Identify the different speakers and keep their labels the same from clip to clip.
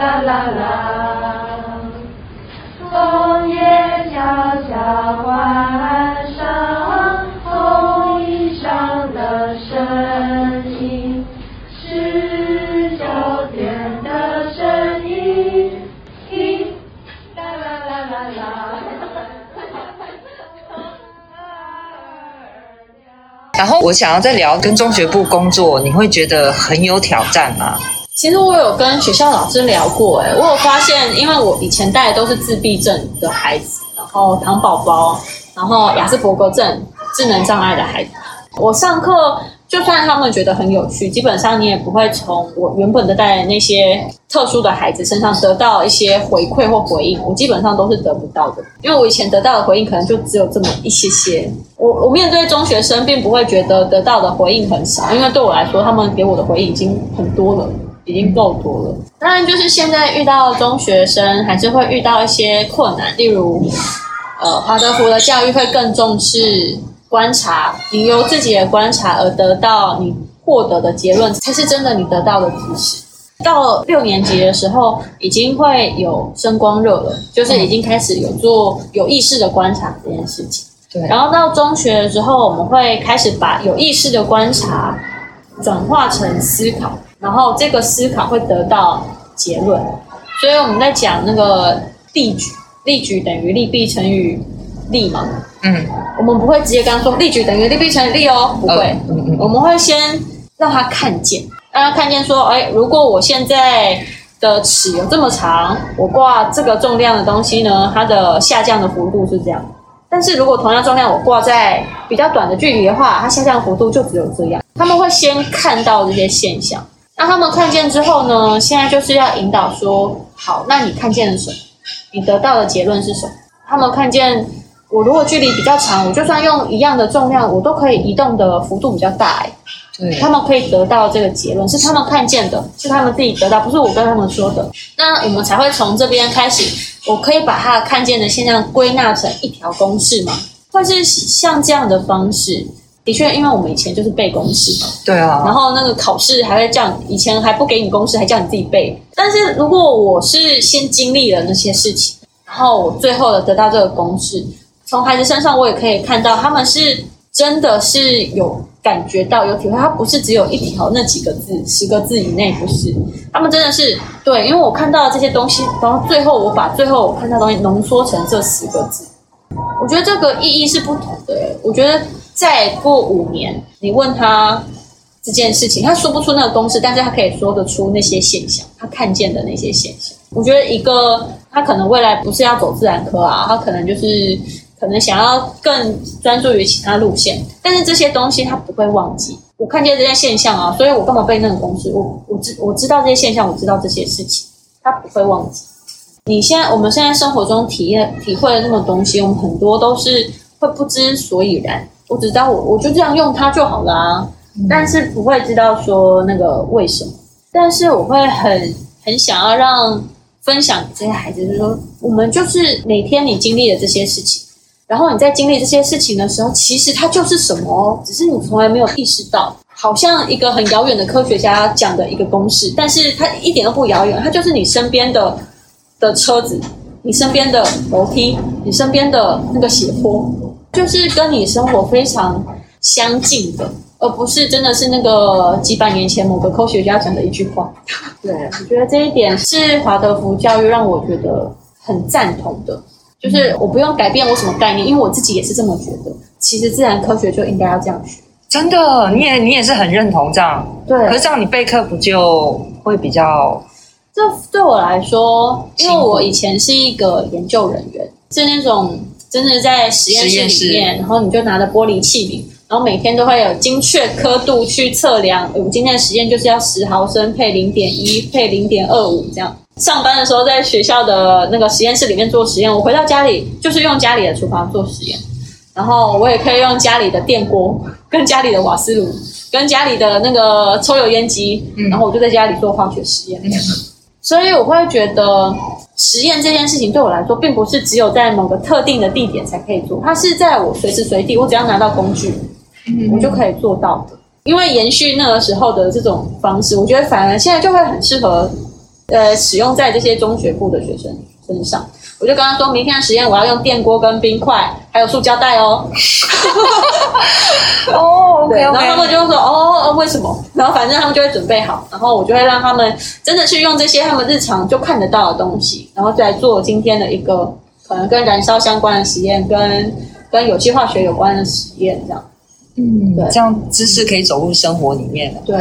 Speaker 1: 啦啦啦，風也悄悄關上紅衣裳上的聲音是秋天的聲音啦啦啦啦。二二，然後我想要再聊跟中學部工作，你會覺得很有挑戰嗎？
Speaker 2: 其實我有跟學校老師聊過，欸，誒，我有發現，因為我以前帶的都是自閉症的孩子，然後唐寶寶，然後亞斯伯格症、智能障礙的孩子，我上課就算他們覺得很有趣，基本上你也不會從我原本的帶的那些特殊的孩子身上得到一些回饋或回應，我基本上都是得不到的。因為我以前得到的回應可能就只有這麼一些些。我我面對中學生，並不會覺得得到的回應很少，因為對我來說，他們給我的回應已經很多了。已經夠多了。當然，就是現在遇到中學生，還是會遇到一些困難，例如，呃，華德福的教育會更重視觀察，你由自己的觀察而得到你獲得的結論，才是真的你得到的知識。到六年級的時候，已經會有聲光熱了，就是已經開始有做有意識的觀察這件事情。對。然後到中學的時候，我們會開始把有意識的觀察轉化成思考。然後這個思考會得到結論，所以我們在講那個力矩，力矩等於力臂乘以力嘛。嗯，我們不會直接跟他說力矩等於力臂乘以力哦，不會。嗯嗯。我們會先讓他看見，讓他看見說，哎，如果我現在的尺有這麼長，我掛這個重量的東西呢，它的下降的幅度是這樣。但是如果同樣重量我掛在比較短的距離的話，它下降的幅度就只有這樣。他們會先看到這些現象。那、啊、他們看見之後呢？現在就是要引導說，好，那你看見了什麼？你得到的結論是什麼？他們看見我如果距離比較長，我就算用一樣的重量，我都可以移動的幅度比較大，欸。對，他們可以得到這個結論，是他們看見的，是他們自己得到，不是我跟他們說的。那我們才會從這邊開始，我可以把他看見的現象歸納成一條公式嘛，或是像這樣的方式。的確，因為我們以前就是背公式嘛，對啊，然後那個考試還會叫你以前還不給你公式，還叫你自己背。但是如果我是先經歷了那些事情，然後我最後的得到這個公式，從孩子身上我也可以看到，他們是真的是有感覺到有體會，他不是只有一條那幾個字，十個字以內不，就是，他們真的是對，因為我看到這些東西，然後最後我把最後我看到的東西濃縮成這十個字，我覺得這個意義是不同的，欸，我覺得。再過五年，你問他這件事情，他說不出那個公式，但是他可以說得出那些現象，他看見的那些現象。我覺得一個他可能未來不是要走自然科啊，他可能就是可能想要更專注於其他路線，但是這些東西他不會忘記。我看見這些現象啊，所以我幹嘛背那個公式？我我知我知道這些現象，我知道這些事情，他不會忘記。你現在我們現在生活中體驗體會的那種東西，我們很多都是會不知所以然。我只知道我我就這樣用它就好了啊，但是不會知道說那個為什麼，但是我會很很想要讓分享這些孩子，就是說我們就是每天你經歷的這些事情，然後你在經歷這些事情的時候，其實它就是什麼，只是你從來沒有意識到，好像一個很遙遠的科學家講的一個公式，但是它一點都不遙遠，它就是你身邊的的車子，你身邊的樓梯，你身邊的那個斜坡。就是跟你生活非常相近的，而不是真的是那個幾百年前某個科學家講的一句話。對，我覺得這一點是華德福教育讓我覺得很贊同的，
Speaker 1: 就是我不用改變我什麼概念，因為我自己也是這麼覺得。其實自然科學就應該要這樣學，真的，你也你也是很認同這樣。對，可是這樣你備課不就會比較？這對我來說，因為我以前是一個研究人
Speaker 2: 員，是那種。真的在實驗室裡面，然後你就拿着玻璃器皿，然後每天都會有精確刻度去測量。我們今天的實驗就是要十毫升配零點一，配零點二五這樣。上班的時候在學校的那個實驗室裡面做實驗，我回到家裡就是用家裡的廚房做實驗，然後我也可以用家裡的電鍋、跟家裡的瓦斯爐、跟家裡的那個抽油煙機，然後我就在家裡做化學實驗。嗯嗯所以我會覺得實驗這件事情對我來說，並不是只有在某個特定的地點才可以做，它是在我隨時隨地，我只要拿到工具，我就可以做到的。因為延續那個時候的這種方式，我覺得反而現在就會很適合，呃，使用在這些中學部的學生身上。我就跟他說明天的實驗，我要用電鍋、跟冰塊，還有塑膠袋哦。
Speaker 1: 哈哈哈。哦，OK, okay。然後他們就會說：“
Speaker 2: 哦、呃，為什麼？”然後反正他們就會準備好，然後我就會讓他們真的去用這些他們日常就看得到的東西，然後再做今天的一個可能跟燃燒相關的實驗，跟跟有機化學有關的實驗這樣。嗯，對，這樣知識可以走入生活裡面了。對，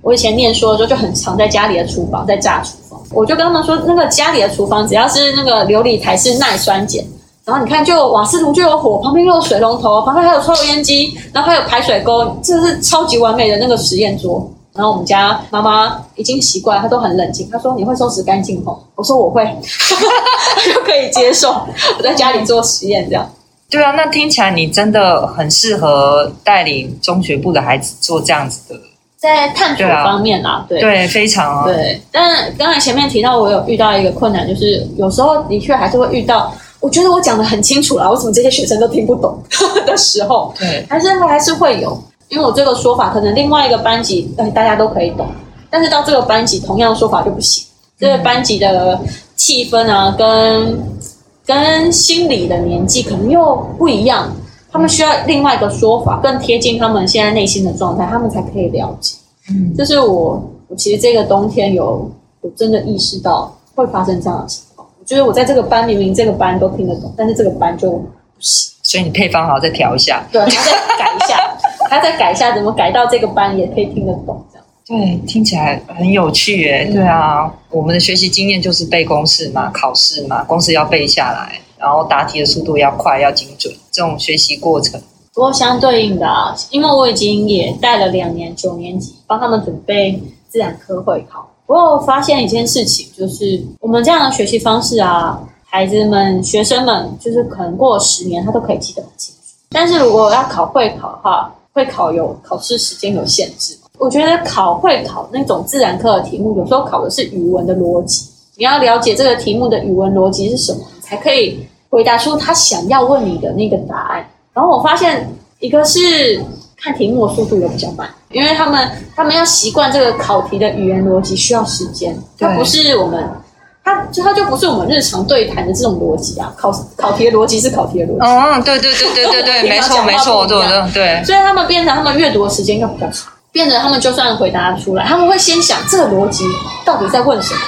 Speaker 2: 我以前念書的時候就很常在家裡的廚房在炸薯我就跟他們說，那個家裡的廚房只要是那個流理台是耐酸鹼，然後你看就，就瓦斯爐就有火，旁邊又有水龍頭，旁邊還有抽油煙機，然後還有排水溝，這是超級完美的那個實驗桌。然後我們家媽媽已經習慣，
Speaker 1: 她都很冷靜，她說：“你會收拾乾淨吼？”我說：“我會。” 就可以接受我在家裡做實驗這樣。對啊，那聽起來你真的很適合帶領中學部的孩子做這樣子的。
Speaker 2: 在探索方面啦，對，啊、對，對
Speaker 1: 非常、啊、對。
Speaker 2: 但剛才前面提到，我有遇到一個困難，就是有時候的確還是會遇到。我覺得我講的很清楚了，為什麼這些學生都聽不懂呵呵的時候，對，還是還是會有。因為我這個說法，可能另外一個班級，哎、欸，大家都可以懂。但是到這個班級，同樣說法就不行。嗯、這個班級的氣氛啊，跟跟心理的年紀可能又不一樣。他們需要另外一個說法，更貼近他們現在內心的狀態，他們才可以了解。嗯，就是我，我其實這個冬天有，我真的意識到會發生這樣的情況。我覺得我在這個班明明這個班都
Speaker 1: 聽得懂，但是這個班就不行。所以你配方好再調一下，
Speaker 2: 對，還要再改一
Speaker 1: 下，還要再改一下，怎麼改到這個班也可以聽得懂這樣？對，聽起來很有趣耶、欸。嗯、對啊，我們的學習經驗就是背公式嘛，考試嘛，公式要背下來。然後答題的速度要快，要精準。這種學習過程，不過相對應的啊，
Speaker 2: 因為我已經也帶了兩年九年級，幫他們準備自然科會考。不過我發現一件事情，就是我們這樣的學習方式啊，孩子們、學生們，就是可能過了十年，他都可以記得很清楚。但是如果要考會考的話，會考有考試時間有限制。我覺得考會考那種自然科的題目，有時候考的是語文的邏輯，你要了解這個題目的語文邏輯是什麼，才可以。回答出他想要問你的那個答案。然後我發現一個是看題目的速度也比較慢，因為他們他們要習慣這個考題的語言邏輯需要時間，對它不是我們它就它就不是我們日常對談的這種邏輯啊，考考題的邏輯是考題的邏輯，嗯對對對對對對， 沒錯沒錯對的對，對，對，對，所以他們變成他們閱讀的時間又比較長，變得他們就算回答出來，他們會先想這個邏輯到底在問什麼。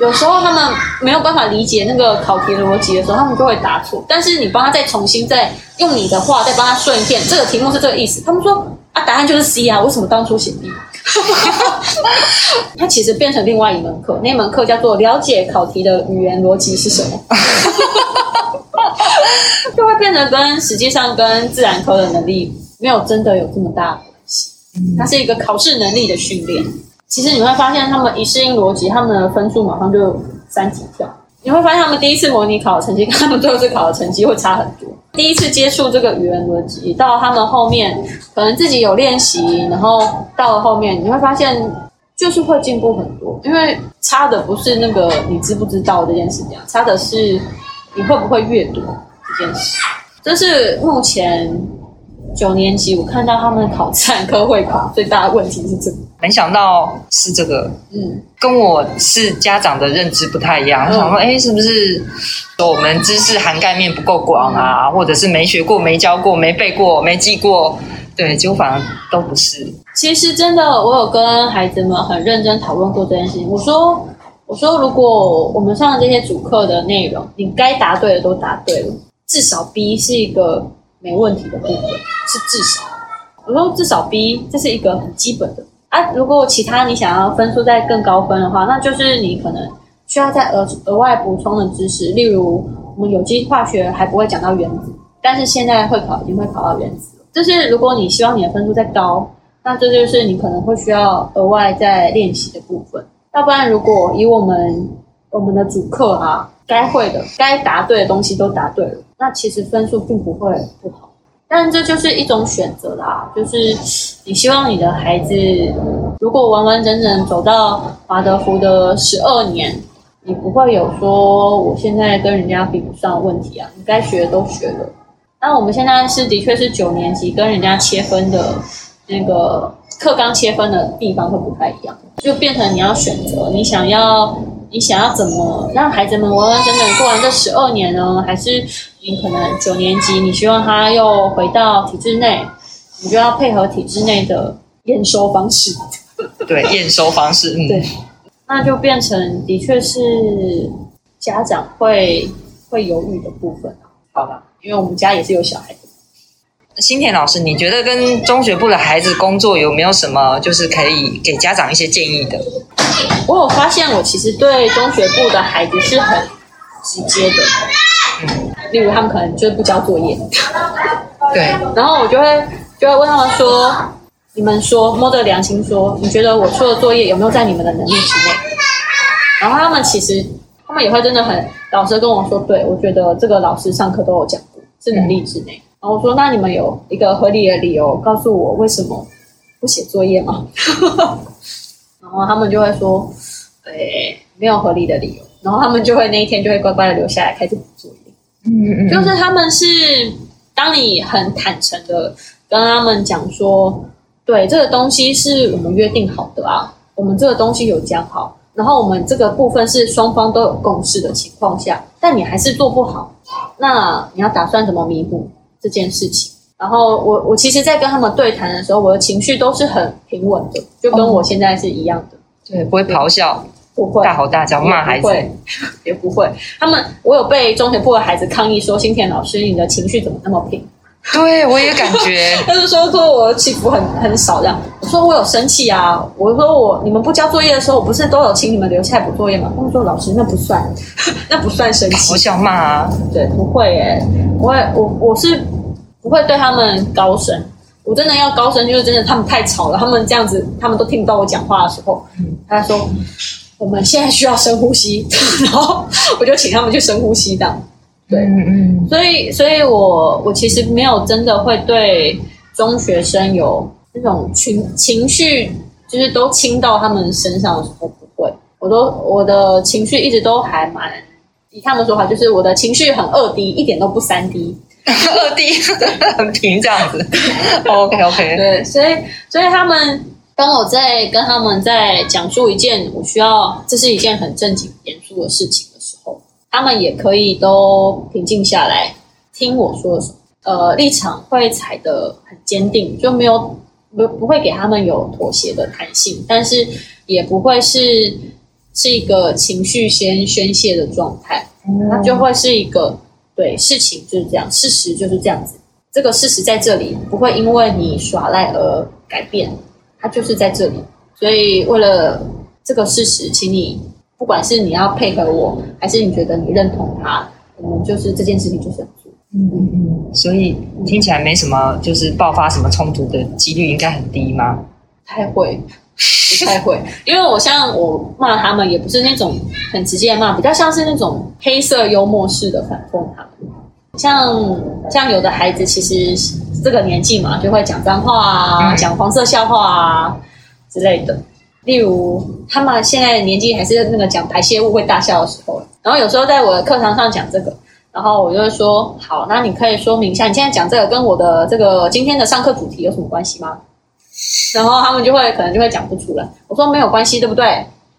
Speaker 2: 有時候他們沒有辦法理解那個考題的邏輯的時候，他們就會答錯。但是你幫他再重新再用你的話再幫他順一遍，這個題目是這個意思。他們說啊，答案就是 C 啊，為什麼當初寫 D？ 他其實變成另外一門課，那一門課叫做了解考題的語言邏輯是什麼， 就會變得跟實際上跟自然科的能力沒有真的有這麼大的關係。它是一個考試能力的訓練。其實你會發現，他們一適應邏輯，他們的分數馬上就有三級跳。你會發現，他們第一次模擬考的成績跟他們最後一次考的成績會差很多。第一次接觸這個語言邏輯，到他們後面可能自己有練習，然後到了後面，你會發現就是會進步很多。因為差的不是那個你知不知道這件事情，差的是你會不會閱讀這件事。這是目前。九年級，我看
Speaker 1: 到他們考試科會考最大的問題是這個。沒想到是這個，嗯，跟我是家長的認知不太一樣。嗯、我想說，哎、欸，是不是我們知識涵蓋面不夠廣啊？嗯、或者是沒學過、沒教過、沒背過、沒記過？對，結果反而都不是。
Speaker 2: 其實真的，我有跟孩子們很認真討論過這件事情。我說，我說，如果我們上的這些主課的內容，你該答對的都答對了，至少 B 是一個。沒問題的部分是至少，我說至少 B，這是一個很基本的啊。如果其他你想要分數再更高分的話，那就是你可能需要再額額外補充的知識，例如我們有機化學還不會講到原子，但是現在會考已經會考到原子了。就是如果你希望你的分數再高，那這就是你可能會需要額外再練習的部分。要不然，如果以我們我們的主課啊，該會的、該答對的東西都答對了。那其實分數並不會不好，但這就是一種選擇啦。就是你希望你的孩子，如果完完整整走到華德福的十二年，你不會有說我現在跟人家比不上問題啊。你該學的都學了，那我們現在是的確是九年級，跟人家切分的那個課綱切分的地方會不太一樣，就變成你要選擇你想要。你想要怎麼讓孩子們完完整整過完這十二年呢？還是你可能九年級，你希望他又回到體制內，你就要配合體制內的驗收方式。
Speaker 1: 對，驗收方式，嗯，對，
Speaker 2: 那就變成的確是家長會會猶豫的部分了。好吧，因為我們家也是有小孩。
Speaker 1: 心恬老師，你覺得跟中學部的孩子工作有沒有什麼，就是可以給家長一些建議的？我有發現，我其實對
Speaker 2: 中學部的孩子是很直接的。嗯，例如他們可能就是不交作業。 對，然後我就會就會問他們說：“你們說摸着良心說，你覺得我出的作業有沒有在你們的能力之內？”嗯、然後他們其實他們也會真的很老實地跟我說：“對，我覺得這個老師上課都有講過，是能力之內。嗯”然後我說：“那你們有一個合理的理由告訴我為什麼不寫作業嗎？” 然後他們就會說：“對、哎，沒有合理的理由。”然後他們就會那一天就會乖乖的留下來開始補作業。嗯嗯，就是他們是當你很坦誠的跟他們講說：“對，這個東西是我們約定好的啊，我們這個東西有講好，然後我們這個部分是雙方都有共識的情況下，但你還是做不好，那你要打算怎麼彌補？”這件事情，然後我我其實，在跟他們對談的時候，我的情緒都是很平穩的，就跟我現在是一樣的，哦、對，不會咆哮，不會大吼大叫罵孩子也不會，也不會。他們，我有被中學部的孩子抗議說：“心恬老師，你的情緒怎麼那麼平？”對，我也有感覺。 他就說：“說我起伏很很少這樣。”我說：“我有生氣啊！”我說我：“我你們不交作業的時候，我不是都有請你們留下來補作業嗎？”他們說：“老師，那不算，那不算生氣。”我想罵啊！對，不會誒，不會，我我，我是不會對他們高聲。我真的要高聲，就是真的他們太吵了，他們這樣子，他們都聽不到我講話的時候，他說：“嗯、我們現在需要深呼吸。 ”然後我就請他們去深呼吸的。對，嗯嗯，所以，所以我我其實沒有真的會對中學生有那種情情緒，就是都傾到他們身上的時候不會，我都我的情緒一直都還蠻，以他們說法就是我的情緒很 2D，一點都不 3D，2D
Speaker 1: 很平這樣子。
Speaker 2: oh, OK OK，對，所以所以他們當我在跟他們在講述一件我需要，這是一件很正經嚴肅的事情。他們也可以都平靜下來，聽我說。呃，立場會踩得很堅定，就沒有，不不會給他們有妥協的彈性，但是也不會是是一個情緒先宣洩的狀態。它就會是一個，對，事情就是這樣，事實就是這樣子。這個事實在這裡，不會因為你耍賴而改變，它就是在這裡。所以為了這個事實，
Speaker 1: 請你。不管是你要配合我，還是你覺得你認同他，我們就是這件事情就是要做。嗯嗯
Speaker 2: 嗯。
Speaker 1: 所以聽起來沒什麼，嗯、就是爆發什麼衝突的幾率應該很低嗎？不太會，不太會。 因為我像我
Speaker 2: 罵他們，也不是那種很直接的罵，比較像是那種黑色幽默式的反諷他們。像像有的孩子，其實這個年紀嘛，就會講髒話啊，講、嗯、黃色笑話啊之類的。例如他們現在年紀還是那個講排泄物會大笑的時候，然後有時候在我的課堂上講這個，然後我就會說：好，那你可以說明一下，你現在講這個跟我的這個今天的上課主題有什麼關係嗎？然後他們就會可能就會講不出來。我說沒有關係，對不對？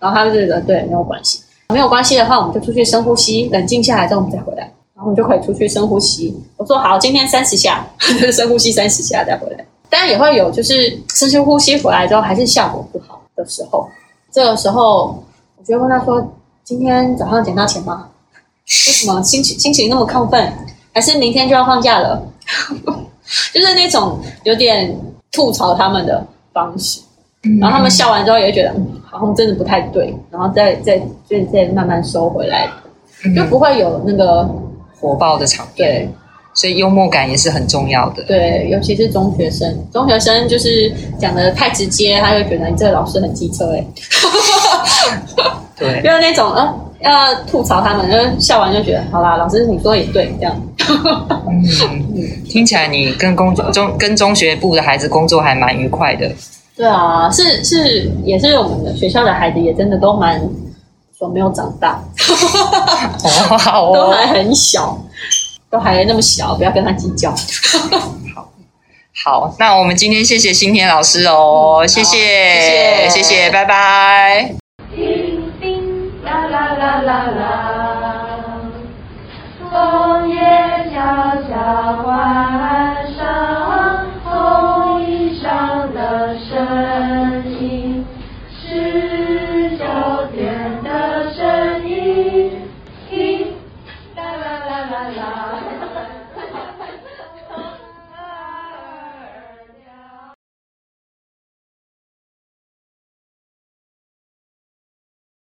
Speaker 2: 然後他們就覺得對，沒有關係。沒有關係的話，我們就出去深呼吸，冷靜下來之後我們再回來，然後我們就可以出去深呼吸。我說好，今天三十下呵呵深呼吸三十下再回來。當然也會有就是深吸呼吸回來之後還是效果不好。的時候，這個時候，我就問他說：“今天早上撿到錢嗎？為什麼心情心情那麼亢奮？還是明天就要放假了？ 就是那種有點吐槽他們的方式，嗯、然後他們笑完之後也會覺得，好像真的不太對，
Speaker 1: 然後再再再再，再慢慢收回來，嗯、就不會有那個火爆的場面，對。所以幽默感也是很重要的。對，尤其是中學生，中學
Speaker 2: 生就是講得太直接，他就覺得你這個老師很機車哎、欸。 對，就是那種啊、呃，要吐槽他們，就笑完就覺得，好啦，老師你說也對，這樣。 嗯、
Speaker 1: 聽起來你跟工作、嗯、中跟中學部的孩子工作還蠻愉快的。
Speaker 2: 對啊，是是，也是我們的學校的孩子也真的都蠻，說沒有長大。 哦，好哦，都還很小。
Speaker 1: 都還那麼小，不要跟他計較。 好好，那我們今天謝謝心恬老師哦，嗯、謝謝，謝謝，謝謝，拜拜。叮叮啦啦啦啦啦